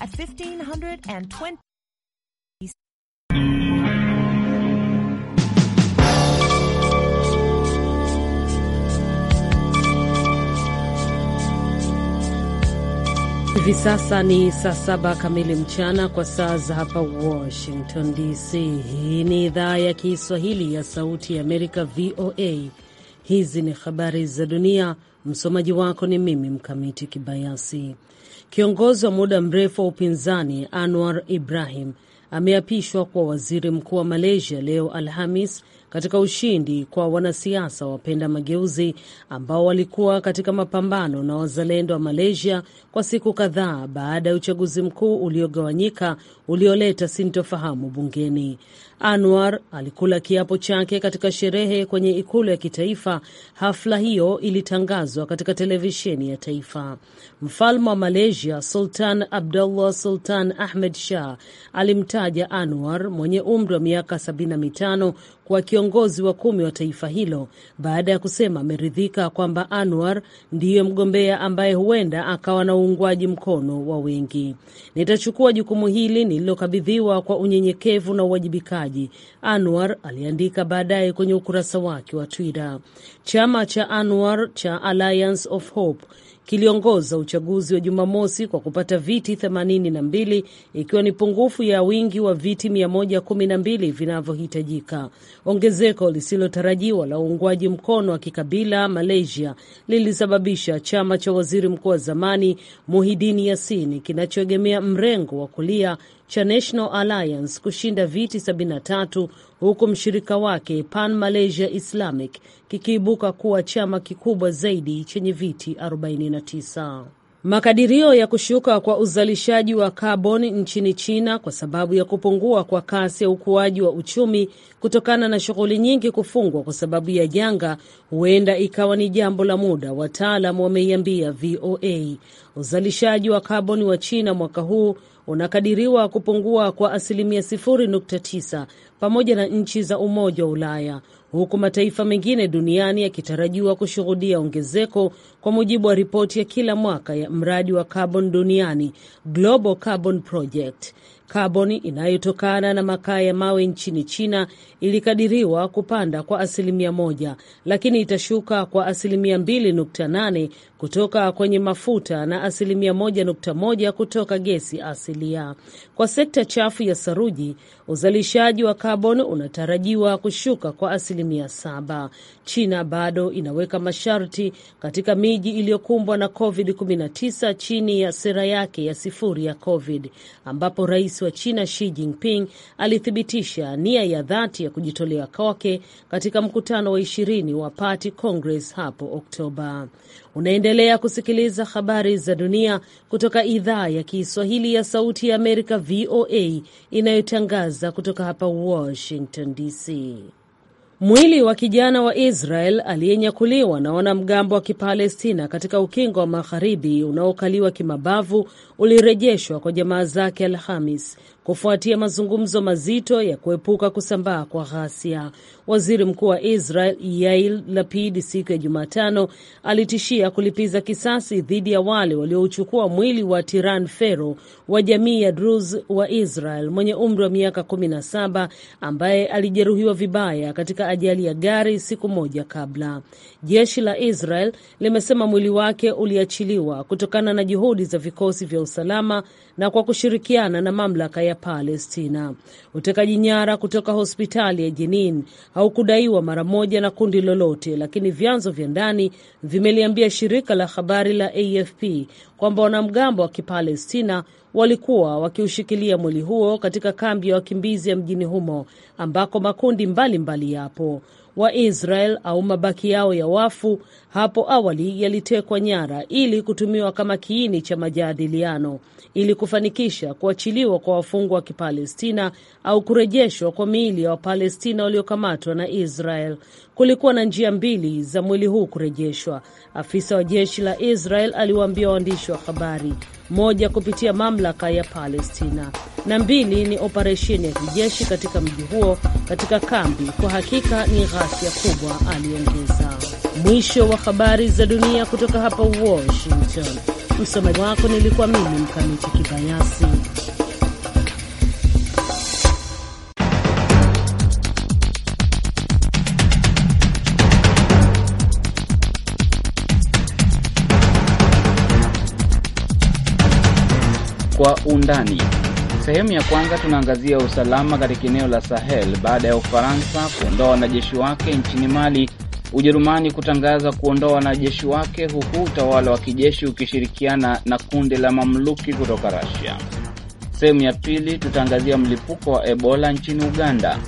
at 1520. Hivi sasa ni saa saba kamili mchana kwa saa za hapa Washington DC. Hii ni idhaa ya Kiswahili ya Sauti ya Amerika, VOA. Hizi ni habari za dunia. Msomaji wako ni mimi Mkamiti Kibayasi. Kiongozi wa muda mrefu wa upinzani Anwar Ibrahim ameapishwa kuwa waziri mkuu wa Malaysia leo Alhamis katika ushindi kwa wanasiasa wapenda mageuzi ambao walikuwa katika mapambano na wazalendo wa Malaysia kwa siku kadhaa baada ya uchaguzi mkuu uliogawanyika ulioleta sintofahamu bungeni. Anwar alikula kiapo chake katika sherehe kwenye ikulu ya kitaifa. Hafla hiyo ilitangazwa katika televisheni ya taifa. Mfalme wa Malaysia Sultan Abdullah Sultan Ahmed Shah alimtaja Anwar mwenye umri wa miaka 75 kuwa kiongozi wa kumi wa taifa hilo baada ya kusema ameridhika kwamba Anwar ndiye mgombea ambaye huenda akawa na uungwaji mkono wa wengi. Nitachukua jukumu hili nililokabidhiwa kwa unyenyekevu na uwajibikaji mauaji, Anwar aliandika baadaye kwenye ukurasa wake wa Twitter. Chama cha Anwar cha Alliance of Hope kiliongoza uchaguzi wa Jumamosi kwa kupata viti 82 ikiwa ni pungufu ya wingi wa viti 112 vinavyohitajika. Ongezeko lisilotarajiwa la uungwaji mkono wa kikabila Malaysia lilisababisha chama cha waziri mkuu wa zamani Muhidin Yasini kinachoegemea mrengo wa kulia cha National Alliance kushinda viti 73 huku mshirika wake Pan Malaysia Islamic kikiibuka kuwa chama kikubwa zaidi chenye viti 49. Makadirio ya kushuka kwa uzalishaji wa kaboni nchini China kwa sababu ya kupungua kwa kasi ya ukuaji wa uchumi kutokana na shughuli nyingi kufungwa kwa sababu ya janga huenda ikawa ni jambo la muda, wataalam wameiambia VOA. Uzalishaji wa kaboni wa China mwaka huu unakadiriwa kupungua kwa asilimia 0.9 pamoja na nchi za Umoja wa Ulaya, huku mataifa mengine duniani yakitarajiwa kushuhudia ongezeko, kwa mujibu wa ripoti ya kila mwaka ya mradi wa carbon duniani, Global Carbon Project. Kaboni inayotokana na makaa ya mawe nchini China ilikadiriwa kupanda kwa asilimia moja, lakini itashuka kwa asilimia mbili nukta nane kutoka kwenye mafuta na asilimia 1.1 kutoka gesi asilia. Kwa sekta chafu ya saruji, uzalishaji wa kaboni unatarajiwa kushuka kwa asilimia saba. China bado inaweka masharti katika miji iliyokumbwa na COVID-19 chini ya sera yake ya sifuri ya COVID, ambapo rais wa China Xi Jinping alithibitisha nia ya dhati ya kujitolea kwake katika mkutano wa ishirini wa Party Congress hapo Oktoba. Unaendelea kusikiliza habari za dunia kutoka idhaa ya Kiswahili ya Sauti ya Amerika, VOA, inayotangaza kutoka hapa Washington DC. Mwili wa kijana wa Israel aliyenyakuliwa na wanamgambo wa Kipalestina katika ukingo wa magharibi unaokaliwa kimabavu ulirejeshwa kwa jamaa zake Alhamis, kufuatia mazungumzo mazito ya kuepuka kusambaa kwa ghasia. Waziri mkuu wa Israel Yail Lapid siku ya Jumatano alitishia kulipiza kisasi dhidi ya wale waliouchukua mwili wa Tiran Fero wa jamii ya Druze wa Israel mwenye umri wa miaka 17 ambaye alijeruhiwa vibaya katika ajali ya gari siku moja kabla. Jeshi la Israel limesema mwili wake uliachiliwa kutokana na juhudi za vikosi vya usalama na kwa kushirikiana na mamlaka ya Palestina. Utekaji nyara kutoka hospitali ya Jenin haukudaiwa mara moja na kundi lolote, lakini vyanzo vya ndani vimeliambia shirika la habari la AFP kwamba wanamgambo wa Kipalestina walikuwa wakiushikilia mwili huo katika kambi ya wakimbizi ya mjini humo ambako makundi mbalimbali mbali yapo wa Israel au mabaki yao ya wafu hapo awali yalitekwa nyara ili kutumiwa kama kiini cha majadiliano ili kufanikisha kuachiliwa kwa wafungwa wa Kipalestina au kurejeshwa kwa miili ya Wapalestina waliokamatwa na Israel. Kulikuwa na njia mbili za mwili huu kurejeshwa, afisa wa jeshi la Israel aliwaambia waandishi wa habari moja kupitia mamlaka ya Palestina na mbili ni operesheni ya kijeshi katika mji huo katika kambi. Kwa hakika ni ghasia kubwa, aliongeza. Mwisho wa habari za dunia kutoka hapa Washington. Msomaji wako nilikuwa mimi Mkamiti Kibayasi. kwa undani. Sehemu ya kwanza tunaangazia usalama katika eneo la Sahel baada ya Ufaransa kuondoa wanajeshi wake nchini Mali, Ujerumani kutangaza kuondoa wanajeshi wake, huku utawala wa kijeshi ukishirikiana na kundi la mamluki kutoka Rasia. Sehemu ya pili tutaangazia mlipuko wa Ebola nchini Uganda.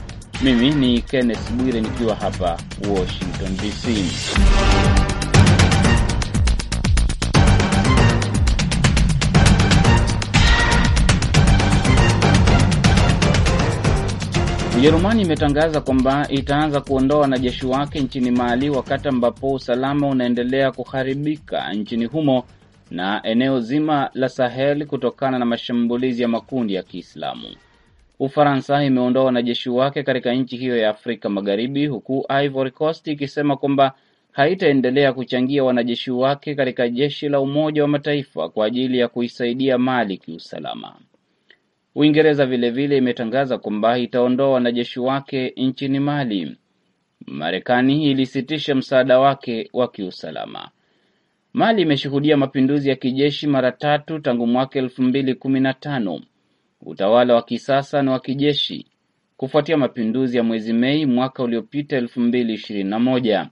Mimi ni Kenneth Bwire nikiwa hapa Washington DC. Ujerumani imetangaza kwamba itaanza kuondoa wanajeshi wake nchini Mali wakati ambapo usalama unaendelea kuharibika nchini humo na eneo zima la Sahel kutokana na mashambulizi ya makundi ya Kiislamu. Ufaransa imeondoa wanajeshi wake katika nchi hiyo ya Afrika Magharibi, huku Ivory Coast ikisema kwamba haitaendelea kuchangia wanajeshi wake katika jeshi la Umoja wa Mataifa kwa ajili ya kuisaidia Mali kiusalama. Uingereza vilevile imetangaza kwamba itaondoa wanajeshi wake nchini Mali. Marekani ilisitisha msaada wake wa kiusalama. Mali imeshuhudia mapinduzi ya kijeshi mara tatu tangu mwaka elfu mbili kumi na tano. Utawala wa kisasa na wa kijeshi kufuatia mapinduzi ya mwezi Mei mwaka uliopita elfu mbili ishirini na moja.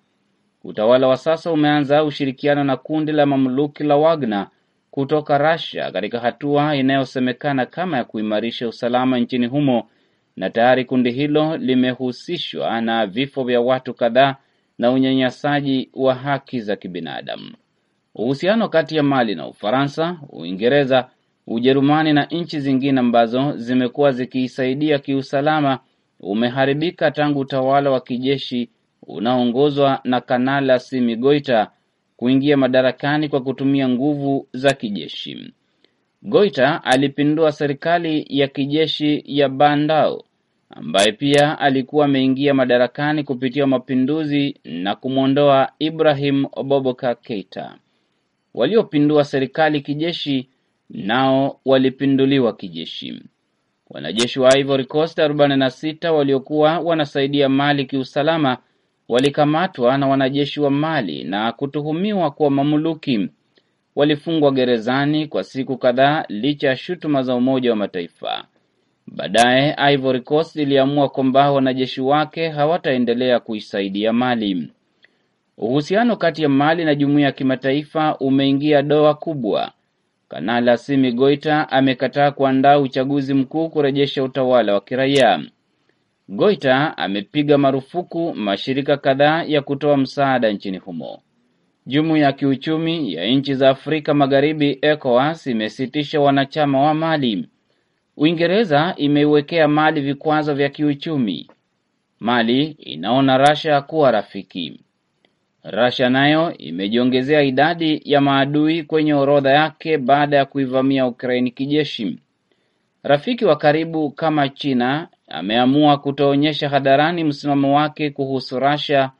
Utawala wa sasa umeanza ushirikiano na kundi la mamluki la Wagner kutoka Russia katika hatua inayosemekana kama ya kuimarisha usalama nchini humo, na tayari kundi hilo limehusishwa na vifo vya watu kadhaa na unyanyasaji wa haki za kibinadamu. Uhusiano kati ya Mali na Ufaransa, Uingereza, Ujerumani na nchi zingine ambazo zimekuwa zikiisaidia kiusalama umeharibika tangu utawala wa kijeshi unaoongozwa na Kanala Simi Goita kuingia madarakani kwa kutumia nguvu za kijeshi. Goita alipindua serikali ya kijeshi ya Bandao ambaye pia alikuwa ameingia madarakani kupitia mapinduzi na kumwondoa Ibrahim Oboboka Keita. Waliopindua serikali kijeshi nao walipinduliwa kijeshi. Wanajeshi wa Ivory Coast 46 waliokuwa wanasaidia Mali kiusalama walikamatwa na wanajeshi wa Mali na kutuhumiwa kuwa mamuluki. Walifungwa gerezani kwa siku kadhaa licha ya shutuma za Umoja wa Mataifa. Baadaye Ivory Coast iliamua kwamba wanajeshi wake hawataendelea kuisaidia Mali. Uhusiano kati ya Mali na jumuiya ya kimataifa umeingia doa kubwa. Kanali Assimi Goita amekataa kuandaa uchaguzi mkuu kurejesha utawala wa kiraia. Goita amepiga marufuku mashirika kadhaa ya kutoa msaada nchini humo. Jumuiya ya kiuchumi ya nchi za Afrika Magharibi ECOWAS imesitisha wanachama wa Mali. Uingereza imeiwekea Mali vikwazo vya kiuchumi. Mali inaona Russia kuwa rafiki. Russia nayo imejiongezea idadi ya maadui kwenye orodha yake baada ya kuivamia Ukraini kijeshi. Rafiki wa karibu kama China ameamua kutoonyesha hadharani msimamo wake kuhusu Russia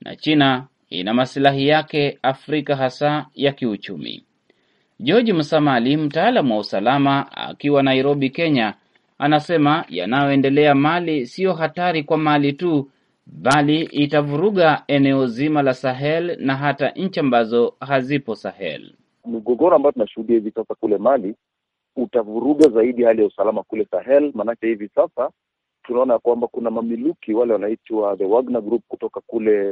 na China ina masilahi yake Afrika hasa ya kiuchumi. George Musamali, mtaalamu wa usalama, akiwa Nairobi, Kenya, anasema yanayoendelea Mali siyo hatari kwa Mali tu bali itavuruga eneo zima la Sahel na hata nchi ambazo hazipo Sahel. Mgogoro ambao tunashuhudia hivi sasa kule Mali utavuruga zaidi hali ya usalama kule Sahel, maanake hivi sasa tunaona kwamba kuna mamiluki wale wanaitwa the Wagner Group kutoka kule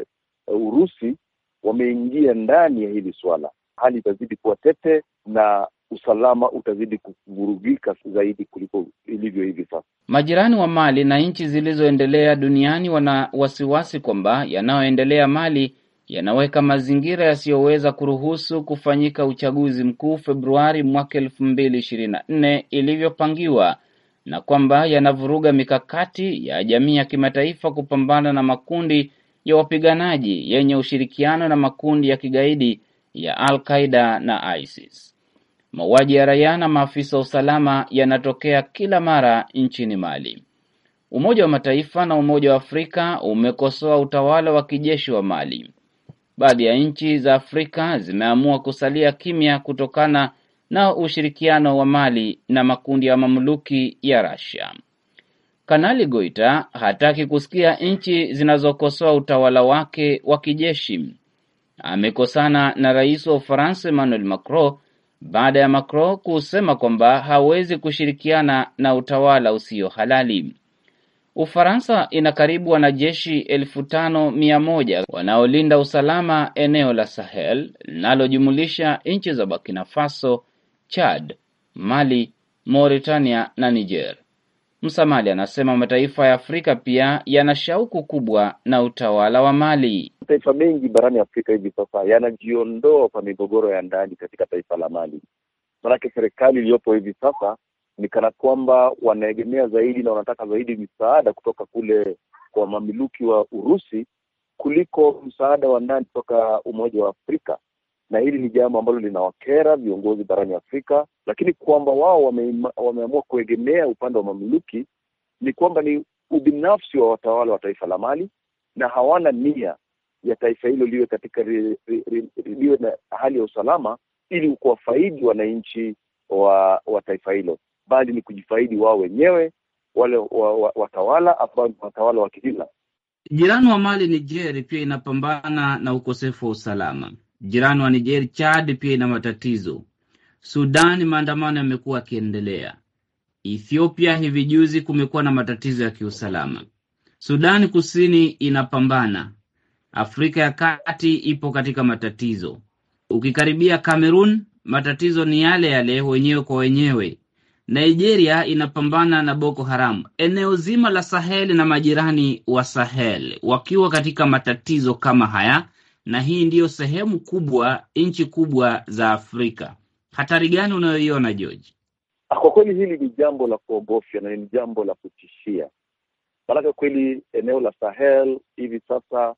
eh, Urusi wameingia ndani ya hili swala. Hali itazidi kuwa tete na usalama utazidi kuvurugika zaidi kuliko ilivyo hivi sasa. Majirani wa Mali na nchi zilizoendelea duniani wana wasiwasi kwamba yanayoendelea Mali yanaweka mazingira yasiyoweza kuruhusu kufanyika uchaguzi mkuu Februari mwaka elfu mbili ishirini na nne ilivyopangiwa na kwamba yanavuruga mikakati ya jamii ya kimataifa kupambana na makundi ya wapiganaji yenye ushirikiano na makundi ya kigaidi ya Al-Qaida na ISIS. Mauaji ya raia na maafisa wa usalama yanatokea kila mara nchini Mali. Umoja wa Mataifa na Umoja wa Afrika umekosoa utawala wa kijeshi wa Mali. Baadhi ya nchi za Afrika zimeamua kusalia kimya kutokana na ushirikiano wa Mali na makundi ya mamluki ya Russia. Kanali Goita hataki kusikia nchi zinazokosoa utawala wake wa kijeshi. Amekosana na rais wa Ufaransa Emmanuel Macron baada ya Macron kusema kwamba hawezi kushirikiana na utawala usio halali. Ufaransa ina karibu wanajeshi elfu tano mia moja wanaolinda usalama eneo la Sahel linalojumulisha nchi za Burkina Faso, Chad, Mali, Mauritania na Niger. Msamali anasema mataifa ya Afrika pia yana shauku kubwa na utawala wa Mali. Mataifa mengi barani Afrika hivi sasa yanajiondoa kwa migogoro ya ndani katika taifa la Mali, manake serikali iliyopo hivi sasa ni kana kwamba wanaegemea zaidi na wanataka zaidi misaada kutoka kule kwa mamiluki wa Urusi kuliko msaada wa ndani kutoka Umoja wa Afrika na hili ni jambo ambalo linawakera viongozi barani Afrika, lakini kwamba wao wame, wameamua kuegemea upande wa mamluki ni kwamba ni ubinafsi wa watawala wa taifa la Mali na hawana nia ya taifa hilo liwe katika ri, ri, ri, liwe na hali ya usalama ili kuwafaidi wananchi wa, wa taifa hilo, bali ni kujifaidi wao wenyewe wale wa, wa, watawala ambao ni watawala wa kihila. Jirani wa Mali, Niger, pia inapambana na ukosefu wa usalama Jirani wa Niger, Chad pia ina matatizo. Sudani maandamano yamekuwa yakiendelea. Ethiopia hivi juzi kumekuwa na matatizo ya kiusalama. Sudani Kusini inapambana. Afrika ya Kati ipo katika matatizo. Ukikaribia Cameroon, matatizo ni yale yale, wenyewe kwa wenyewe. Nigeria inapambana na Boko Haramu. Eneo zima la Sahel na majirani wa Sahel wakiwa katika matatizo kama haya, na hii ndiyo sehemu kubwa, nchi kubwa za Afrika. Hatari gani unayoiona George? Ah, kwa kweli hili ni jambo la kuogofya na ni jambo la kutishia, maanake kweli eneo la Sahel hivi sasa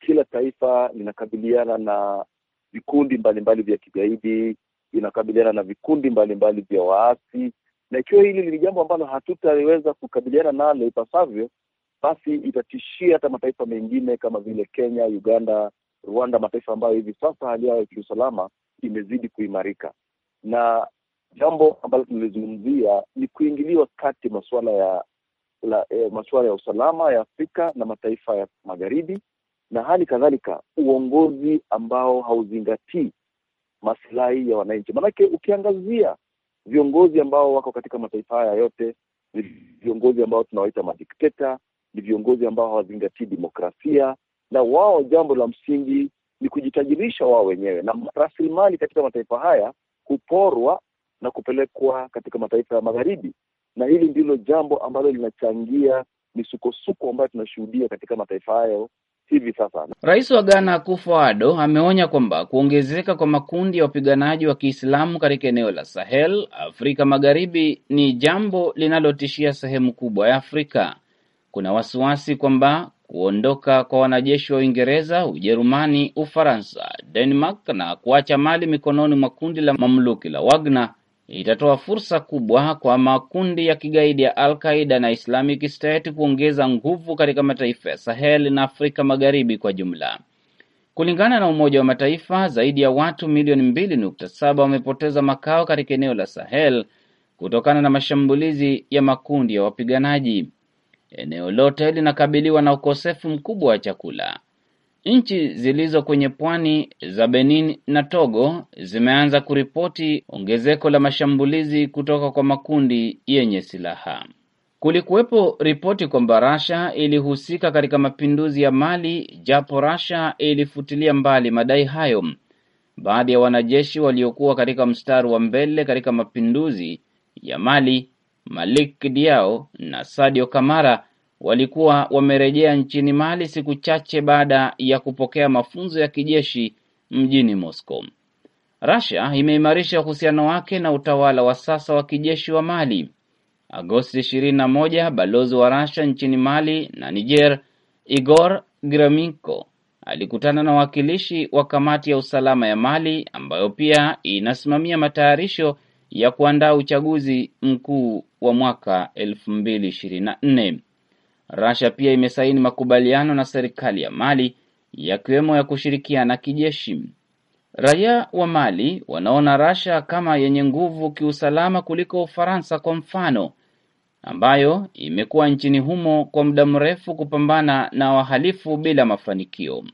kila taifa linakabiliana na vikundi mbalimbali vya kigaidi, inakabiliana na vikundi mbalimbali vya waasi, na ikiwa hili ni jambo ambalo hatutaweza kukabiliana nalo ipasavyo, basi itatishia hata mataifa mengine kama vile Kenya, Uganda Rwanda, mataifa ambayo hivi sasa hali yao ya kiusalama imezidi kuimarika. Na jambo ambalo tulilizungumzia ni kuingiliwa kati masuala ya la, eh, masuala ya usalama ya Afrika na mataifa ya magharibi na hali kadhalika uongozi ambao hauzingatii masilahi ya wananchi. Maanake ukiangazia viongozi ambao wako katika mataifa haya yote ni viongozi ambao tunawaita madikteta, ni viongozi ambao hawazingatii demokrasia, na wao jambo la msingi ni kujitajirisha wao wenyewe, na rasilimali katika mataifa haya huporwa na kupelekwa katika mataifa ya magharibi, na hili ndilo jambo ambalo linachangia misukosuko ambayo tunashuhudia katika mataifa hayo hivi sasa. Rais wa Ghana akufo ameonya kwamba kuongezeka kwa makundi ya wapiganaji wa Kiislamu katika eneo la Sahel, Afrika Magharibi, ni jambo linalotishia sehemu kubwa ya Afrika. Kuna wasiwasi kwamba kuondoka kwa wanajeshi wa Uingereza, Ujerumani, Ufaransa, Denmark na kuacha mali mikononi mwa kundi la mamluki la Wagner itatoa fursa kubwa kwa makundi ya kigaidi ya Al-Qaida na Islamic State kuongeza nguvu katika mataifa ya Sahel na Afrika Magharibi kwa jumla. Kulingana na Umoja wa Mataifa, zaidi ya watu milioni mbili nukta saba wamepoteza makao katika eneo la Sahel kutokana na mashambulizi ya makundi ya wapiganaji. Eneo lote linakabiliwa na ukosefu mkubwa wa chakula. Nchi zilizo kwenye pwani za Benin na Togo zimeanza kuripoti ongezeko la mashambulizi kutoka kwa makundi yenye silaha. Kulikuwepo ripoti kwamba Russia ilihusika katika mapinduzi ya Mali, japo Russia ilifutilia mbali madai hayo. Baadhi ya wanajeshi waliokuwa katika mstari wa mbele katika mapinduzi ya Mali Malik Diao na Sadio Kamara walikuwa wamerejea nchini Mali siku chache baada ya kupokea mafunzo ya kijeshi mjini Moscow. Russia imeimarisha uhusiano wake na utawala wa sasa wa kijeshi wa Mali. Agosti 21, balozi wa Russia nchini Mali na Niger, Igor Graminko, alikutana na wawakilishi wa kamati ya usalama ya Mali ambayo pia inasimamia matayarisho ya kuandaa uchaguzi mkuu wa mwaka 2024. Russia pia imesaini makubaliano na serikali ya Mali yakiwemo ya kushirikiana kijeshi. Raia wa Mali wanaona Russia kama yenye nguvu kiusalama kuliko Ufaransa kwa mfano, ambayo imekuwa nchini humo kwa muda mrefu kupambana na wahalifu bila mafanikio.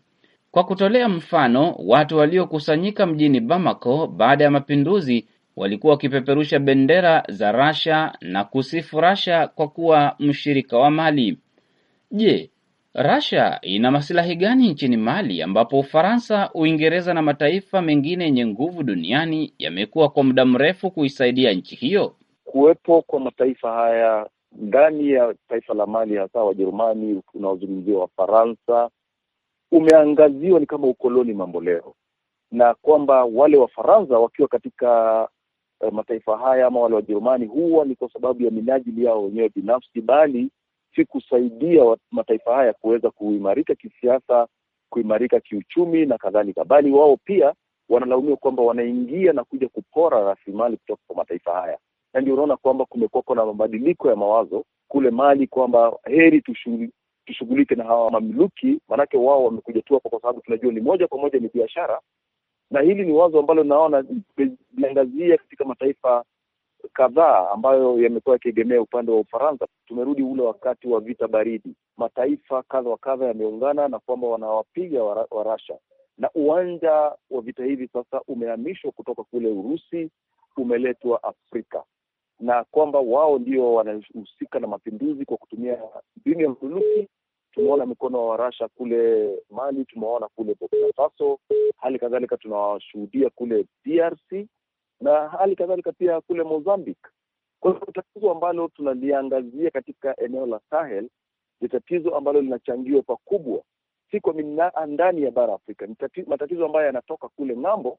Kwa kutolea mfano, watu waliokusanyika mjini Bamako baada ya mapinduzi walikuwa wakipeperusha bendera za Rasha na kusifu Rasha kwa kuwa mshirika wa Mali. Je, Rasha ina masilahi gani nchini Mali ambapo Ufaransa, Uingereza na mataifa mengine yenye nguvu duniani yamekuwa kwa muda mrefu kuisaidia nchi hiyo? Kuwepo kwa mataifa haya ndani ya taifa la Mali, hasa Wajerumani unaozungumzia Wafaransa, umeangaziwa ni kama ukoloni mambo leo, na kwamba wale Wafaransa wakiwa katika uh, mataifa haya ama wale Wajerumani huwa ni kwa sababu ya minajili yao wenyewe binafsi, bali si kusaidia mataifa haya kuweza kuimarika kisiasa, kuimarika kiuchumi na kadhalika, bali wao pia wanalaumiwa kwamba wanaingia na kuja kupora rasilimali kutoka kwa mataifa haya, na ndio unaona kwamba kumekuwako na mabadiliko ya mawazo kule Mali kwamba heri tushughulike na hawa mamluki, maanake wao wamekuja tu hapo kwa sababu tunajua ni moja kwa moja ni biashara, na hili ni wazo ambalo naona limeangazia katika mataifa kadhaa ambayo yamekuwa yakiegemea upande wa Ufaransa. Tumerudi ule wakati wa vita baridi, mataifa kadha wa kadha yameungana na kwamba wanawapiga wa rasha na uwanja wa vita hivi sasa umehamishwa kutoka kule Urusi umeletwa Afrika, na kwamba wao ndio wanahusika na mapinduzi kwa kutumia mbinu ya bunduki tumeona mkono wa Rasha kule Mali, tumeona kule Burkina Faso, hali kadhalika tunawashuhudia kule DRC na hali kadhalika pia kule Mozambique. Kwa hivyo tatizo ambalo tunaliangazia katika eneo la Sahel ni tatizo ambalo linachangiwa pakubwa, si kwa ndani ya bara Afrika, ni matatizo ambayo yanatoka kule ng'ambo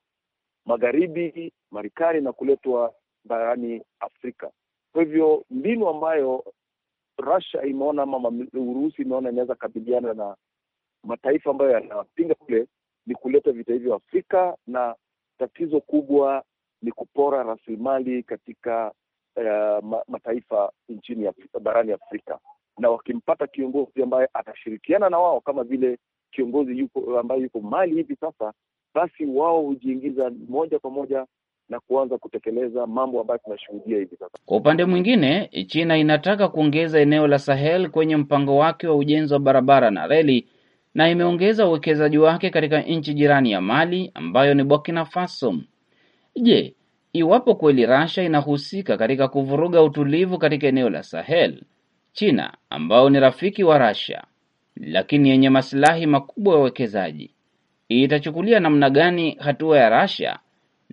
magharibi, Marekani na kuletwa barani Afrika. Kwa hivyo mbinu ambayo Russia imeona ama Urusi imeona inaweza kabiliana na mataifa ambayo yanawapinga kule, ni kuleta vita hivyo Afrika, na tatizo kubwa ni kupora rasilimali katika uh, mataifa nchini Afrika, barani Afrika, na wakimpata kiongozi ambaye atashirikiana na wao kama vile kiongozi yuko ambaye yuko Mali hivi sasa, basi wao hujiingiza moja kwa moja na kuanza kutekeleza mambo ambayo tunashuhudia hivi sasa. Kwa upande mwingine, China inataka kuongeza eneo la Sahel kwenye mpango wake wa ujenzi wa barabara na reli na imeongeza uwekezaji wake katika nchi jirani ya Mali ambayo ni Burkina Faso. Je, iwapo kweli Russia inahusika katika kuvuruga utulivu katika eneo la Sahel, China ambayo ni rafiki wa Russia lakini yenye masilahi makubwa ya uwekezaji itachukulia namna gani hatua ya Russia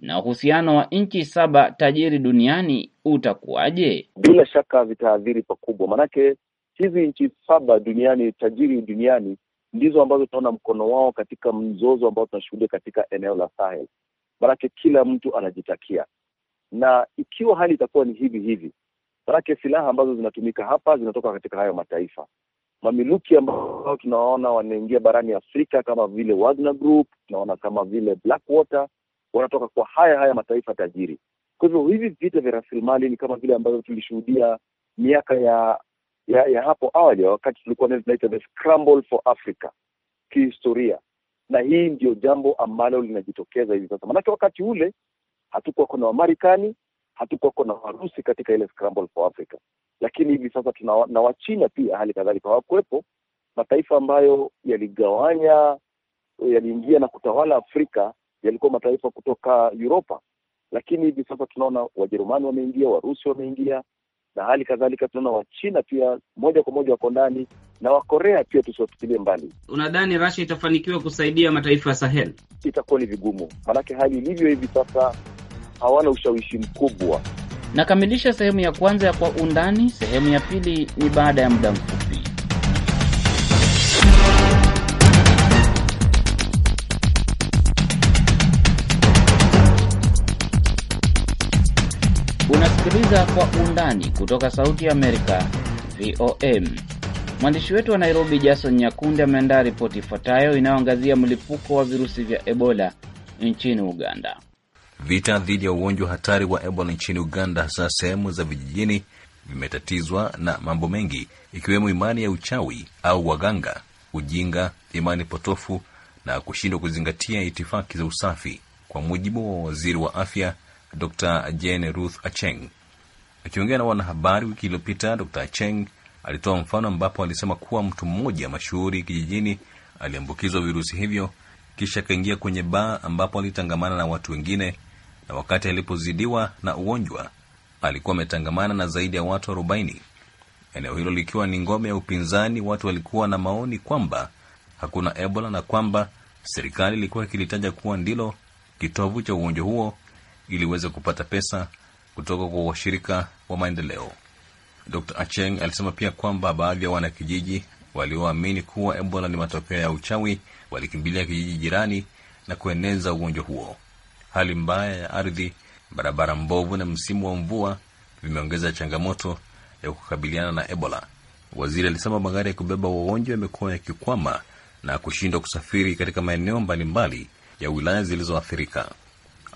na uhusiano wa nchi saba tajiri duniani utakuwaje? Bila shaka vitaathiri pakubwa, maanake hizi nchi saba duniani tajiri duniani ndizo ambazo tunaona mkono wao katika mzozo ambao tunashuhudia katika eneo la Sahel, maanake kila mtu anajitakia, na ikiwa hali itakuwa ni hivi hivi, maanake silaha ambazo zinatumika hapa zinatoka katika hayo mataifa mamiluki ambao tunaona wanaingia barani Afrika kama vile Wagner Group, tunaona kama vile Blackwater wanatoka kwa haya haya mataifa tajiri. Kwa hivyo hivi vita vya rasilimali ni kama vile ambavyo tulishuhudia miaka ya ya, ya hapo awali wakati tulikuwa na tunaita the scramble for Africa kihistoria, na hii ndio jambo ambalo linajitokeza hivi sasa, maanake wakati ule hatukuwako na Wamarekani, hatukuwako na Warusi katika ile scramble for Africa, lakini hivi sasa tuna na Wachina pia hali kadhalika hawakuwepo. Mataifa ambayo yaligawanya yaliingia na kutawala Afrika yalikuwa mataifa kutoka Uropa, lakini hivi sasa tunaona Wajerumani wameingia, Warusi wameingia na hali kadhalika tunaona Wachina pia moja kwa moja wako ndani na Wakorea pia, tusiwafikilie mbali. Unadhani Russia itafanikiwa kusaidia mataifa ya Sahel? Itakuwa ni vigumu, maanake hali ilivyo hivi sasa hawana ushawishi mkubwa. Nakamilisha sehemu ya kwanza ya Kwa Undani. Sehemu ya pili ni baada ya muda mfupi. Unasikiliza Kwa Undani kutoka Sauti ya Amerika, VOM. Mwandishi wetu wa Nairobi, Jason Nyakundi, ameandaa ripoti ifuatayo inayoangazia mlipuko wa virusi vya Ebola nchini Uganda. Vita dhidi ya ugonjwa hatari wa Ebola nchini Uganda, hasa sehemu za vijijini, vimetatizwa na mambo mengi, ikiwemo imani ya uchawi au waganga, ujinga, imani potofu na kushindwa kuzingatia itifaki za usafi, kwa mujibu wa waziri wa afya Dr Jane Ruth Acheng. Akiongea na wanahabari wiki iliyopita, Dr Acheng alitoa mfano ambapo alisema kuwa mtu mmoja mashuhuri kijijini aliambukizwa virusi hivyo kisha akaingia kwenye baa ambapo alitangamana na watu wengine, na wakati alipozidiwa na ugonjwa alikuwa ametangamana na zaidi ya watu arobaini. Eneo hilo likiwa ni ngome ya upinzani, watu walikuwa na maoni kwamba hakuna Ebola na kwamba serikali ilikuwa ikilitaja kuwa ndilo kitovu cha ugonjwa huo ili uweze kupata pesa kutoka kwa washirika wa maendeleo. Dr Acheng alisema pia kwamba baadhi ya wanakijiji walioamini kuwa Ebola ni matokeo ya uchawi walikimbilia kijiji jirani na kueneza ugonjwa huo. Hali mbaya ya ardhi, barabara mbovu na msimu wa mvua vimeongeza changamoto ya kukabiliana na Ebola. Waziri alisema magari ya kubeba wagonjwa yamekuwa yakikwama na kushindwa kusafiri katika maeneo mbalimbali ya wilaya zilizoathirika.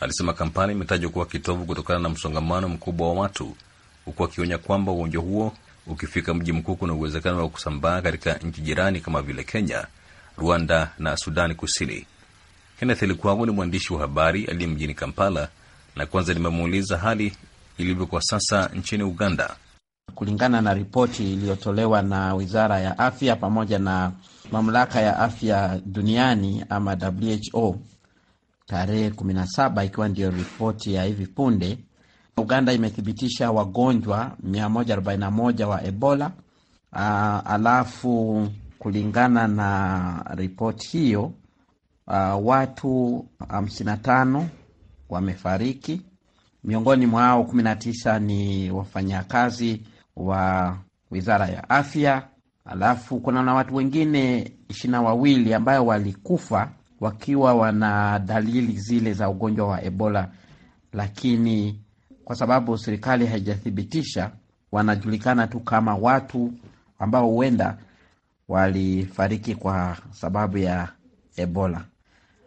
Alisema Kampala imetajwa kuwa kitovu kutokana na msongamano mkubwa wa watu, huku akionya kwamba ugonjwa huo ukifika mji mkuu kuna uwezekano wa kusambaa katika nchi jirani kama vile Kenya, Rwanda na Sudani Kusini. Kenneth Lukwago ni mwandishi wa habari aliye mjini Kampala, na kwanza nimemuuliza hali ilivyo kwa sasa nchini Uganda. Kulingana na ripoti iliyotolewa na wizara ya afya pamoja na mamlaka ya afya duniani ama WHO, tarehe 17 ikiwa ndiyo ripoti ya hivi punde. Uganda imethibitisha wagonjwa 141 wa Ebola. Uh, alafu kulingana na ripoti hiyo uh, watu 55 wamefariki, miongoni mwao 19 ni wafanyakazi wa wizara ya afya. Alafu kuna na watu wengine ishirini na wawili ambayo walikufa wakiwa wana dalili zile za ugonjwa wa Ebola, lakini kwa sababu serikali haijathibitisha, wanajulikana tu kama watu ambao huenda walifariki kwa sababu ya Ebola.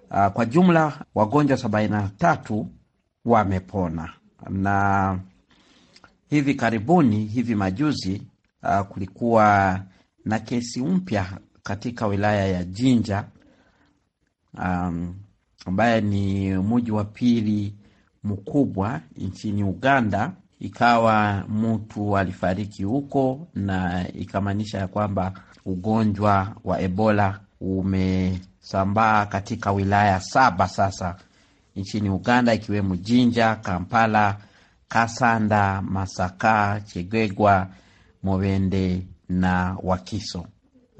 Ah, kwa jumla wagonjwa sabini na tatu wamepona na hivi karibuni, hivi majuzi, ah, kulikuwa na kesi mpya katika wilaya ya Jinja Um, ambaye um, ni muji wa pili mkubwa nchini Uganda. Ikawa mtu alifariki huko, na ikamaanisha ya kwamba ugonjwa wa Ebola umesambaa katika wilaya saba sasa nchini Uganda, ikiwemo Jinja, Kampala, Kasanda, Masaka, Chegegwa, Mubende na Wakiso.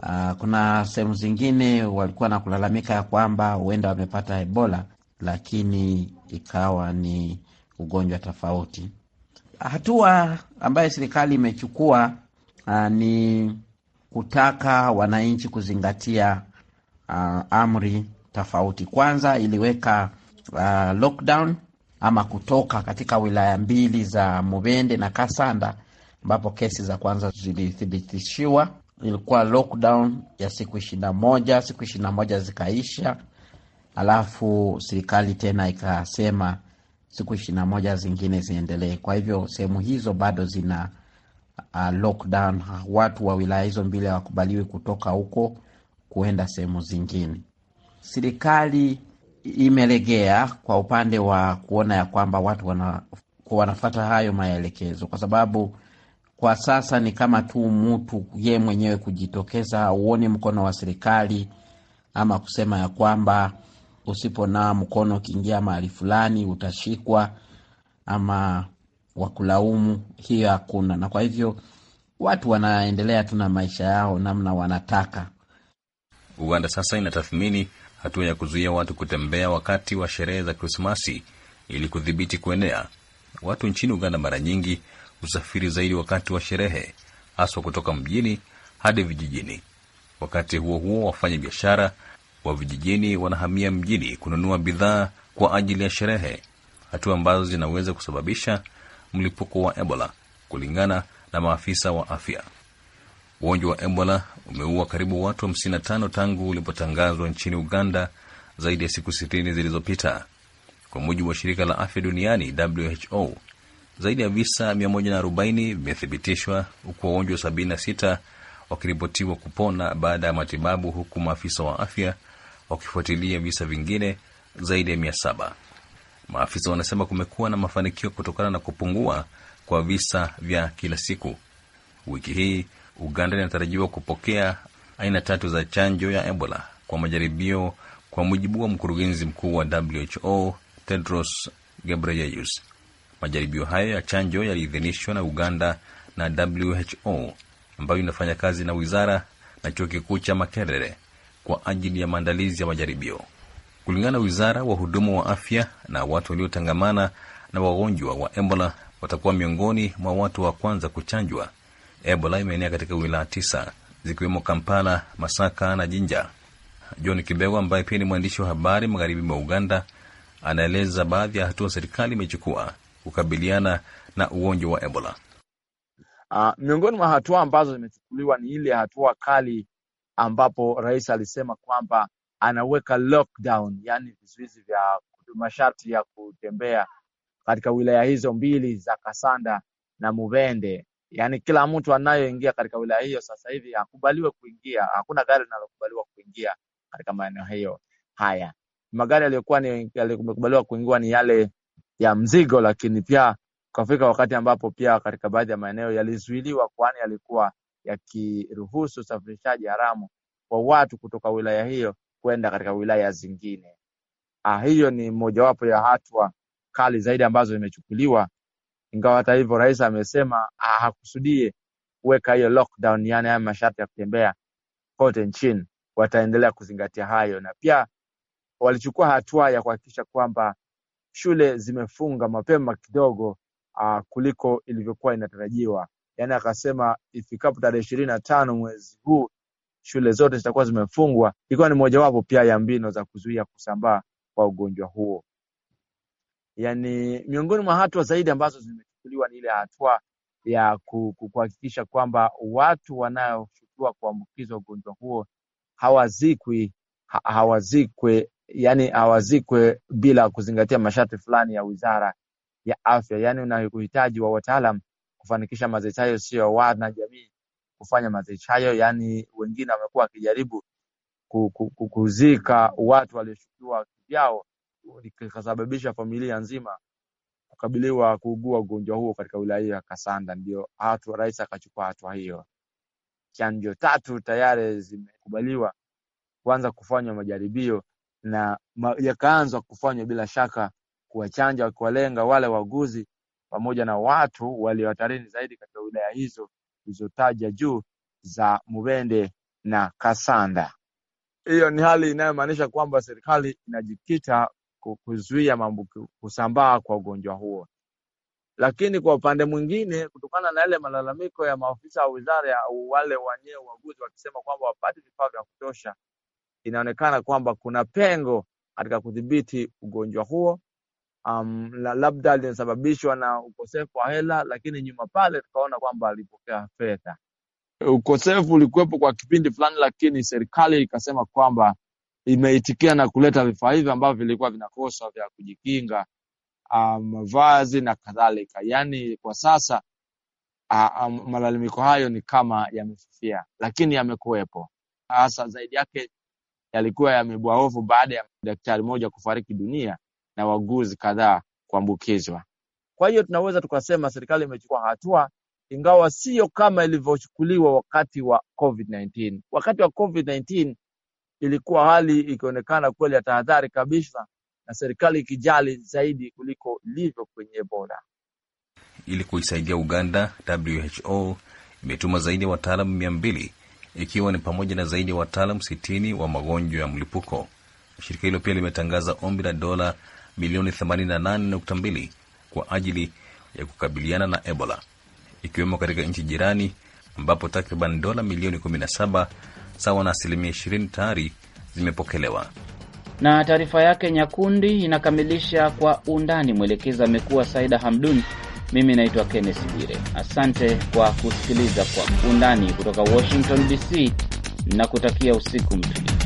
Uh, kuna sehemu zingine walikuwa na kulalamika ya kwamba huenda wamepata Ebola, lakini ikawa ni ugonjwa tofauti. Hatua ambayo serikali imechukua uh, ni kutaka wananchi kuzingatia uh, amri tofauti. Kwanza iliweka uh, lockdown ama kutoka katika wilaya mbili za Mubende na Kasanda ambapo kesi za kwanza zilithibitishiwa ilikuwa lockdown ya siku ishirini na moja siku ishirini na moja zikaisha, alafu serikali tena ikasema siku ishirini na moja zingine ziendelee. Kwa hivyo sehemu hizo bado zina uh, lockdown. Watu wa wilaya hizo mbili hawakubaliwi kutoka huko kuenda sehemu zingine. Serikali imelegea kwa upande wa kuona ya kwamba watu wanafata hayo maelekezo, kwa sababu kwa sasa ni kama tu mutu ye mwenyewe kujitokeza, uoni mkono wa serikali ama kusema ya kwamba usiponawa mkono ukiingia mahali fulani utashikwa ama wakulaumu, hiyo hakuna. Na kwa hivyo watu wanaendelea tu na maisha yao namna wanataka. Uganda sasa inatathmini hatua ya kuzuia watu kutembea wakati wa sherehe za Krismasi ili kudhibiti kuenea. Watu nchini Uganda mara nyingi usafiri zaidi wakati wa sherehe, haswa kutoka mjini hadi vijijini. Wakati huo huo, wafanya biashara wa vijijini wanahamia mjini kununua bidhaa kwa ajili ya sherehe, hatua ambazo zinaweza kusababisha mlipuko wa Ebola kulingana na maafisa wa afya. Ugonjwa wa Ebola umeua karibu watu 55 tangu ulipotangazwa nchini Uganda zaidi ya siku 60 zilizopita, kwa mujibu wa shirika la afya duniani WHO. Zaidi ya visa 140 vimethibitishwa huku wagonjwa 76 wakiripotiwa kupona baada ya matibabu, huku maafisa wa afya wakifuatilia visa vingine zaidi ya 700. Maafisa wanasema kumekuwa na mafanikio kutokana na kupungua kwa visa vya kila siku. Wiki hii Uganda inatarajiwa kupokea aina tatu za chanjo ya Ebola kwa majaribio, kwa mujibu wa mkurugenzi mkuu wa WHO Tedros Ghebreyesus. Majaribio hayo ya chanjo yaliidhinishwa na Uganda na WHO ambayo inafanya kazi na wizara na chuo kikuu cha Makerere kwa ajili ya maandalizi ya majaribio. Kulingana na wizara, wahudumu wa afya na watu waliotangamana na wagonjwa wa Ebola watakuwa miongoni mwa watu wa kwanza kuchanjwa. Ebola imeenea katika wilaya tisa zikiwemo Kampala, Masaka na Jinja. John Kibego ambaye pia ni mwandishi wa habari magharibi mwa Uganda anaeleza baadhi ya hatua serikali imechukua kukabiliana na ugonjwa wa Ebola? Uh, miongoni mwa hatua ambazo zimechukuliwa ni ile hatua kali ambapo rais alisema kwamba anaweka lockdown, yani vizuizi vya masharti ya kutembea katika wilaya hizo mbili za Kasanda na Mubende. Yani kila mtu anayoingia katika wilaya hiyo sasa hivi akubaliwe kuingia, hakuna gari linalokubaliwa kuingia katika maeneo hiyo. Haya, magari yaliyokuwa yamekubaliwa kuingiwa ni yale ya mzigo lakini pia kafika wakati ambapo pia katika baadhi ya maeneo yalizuiliwa kwani yalikuwa yakiruhusu usafirishaji haramu wa watu kutoka wilaya hiyo kwenda katika wilaya zingine. Ah, hiyo ni mojawapo ya hatua kali zaidi ambazo imechukuliwa, ingawa hata hivyo rais amesema ah, hakusudie kuweka hiyo lockdown, yani haya masharti ya kutembea kote nchini. Wataendelea kuzingatia hayo, na pia walichukua hatua ya kuhakikisha kwamba shule zimefunga mapema kidogo uh, kuliko ilivyokuwa inatarajiwa. Yani akasema ifikapo tarehe ishirini na tano mwezi huu shule zote zitakuwa zimefungwa, ikiwa ni mojawapo pia ya mbinu za kuzuia kusambaa kwa ugonjwa huo. Yani miongoni mwa hatua zaidi ambazo zimechukuliwa ni ile hatua ya kuhakikisha kwamba watu wanaoshukiwa kuambukizwa ugonjwa huo hawazikwi hawazikwe yani awazikwe bila kuzingatia masharti fulani ya Wizara ya Afya. Yani una uhitaji wa wataalam kufanikisha mazoezi hayo, sio wana jamii kufanya mazoezi hayo. Yani wengine wamekuwa wakijaribu kuzika watu walioshukiwa kivyao, ikasababisha familia nzima kukabiliwa kuugua ugonjwa huo katika wilaya hiyo ya Kasanda. Ndio hatua rais akachukua hatua hiyo. Chanjo tatu tayari zimekubaliwa kuanza kufanywa majaribio na yakaanza kufanywa bila shaka kuwachanja wakiwalenga wale wauguzi pamoja na watu walio hatarini zaidi katika wilaya hizo zilizotaja juu za Mubende na Kasanda. Hiyo ni hali inayomaanisha kwamba serikali inajikita kuzuia maambukizi, kusambaa kwa ugonjwa huo. Lakini kwa upande mwingine, kutokana na yale malalamiko ya maafisa wa wizara ya wale wenyewe wauguzi wakisema kwamba wapate vifaa vya kutosha, inaonekana kwamba kuna pengo katika kudhibiti ugonjwa huo. Um, la, labda linasababishwa na ukosefu wa hela, lakini nyuma pale tukaona kwamba alipokea fedha. Ukosefu ulikuwepo kwa kipindi fulani, lakini serikali ikasema kwamba imeitikia na kuleta vifaa hivyo ambavyo vilikuwa vinakoswa vya kujikinga, um, mavazi um, na kadhalika. Yaani kwa sasa uh, um, malalamiko hayo ni kama yamefifia, lakini yamekuwepo hasa zaidi yake yalikuwa yameibua hofu baada ya daktari mmoja kufariki dunia na wauguzi kadhaa kuambukizwa. Kwa hiyo tunaweza tukasema serikali imechukua hatua, ingawa sio kama ilivyochukuliwa wakati wa COVID-19. Wakati wa COVID-19 ilikuwa hali ikionekana kweli ya tahadhari kabisa, na serikali ikijali zaidi kuliko ilivyo kwenye Ebola. Ili kuisaidia Uganda, WHO imetuma zaidi ya wataalamu mia mbili ikiwa ni pamoja na zaidi ya wataalam sitini wa magonjwa ya mlipuko. Shirika hilo pia limetangaza ombi la dola milioni 88.2 kwa ajili ya kukabiliana na Ebola, ikiwemo katika nchi jirani ambapo takriban dola milioni 17 sawa na asilimia 20 tayari zimepokelewa. Na taarifa yake Nyakundi inakamilisha kwa undani. Mwelekezi amekuwa Saida Hamdun. Mimi naitwa Kenneth Bwire, asante kwa kusikiliza Kwa Undani kutoka Washington DC na kutakia usiku mtulivu.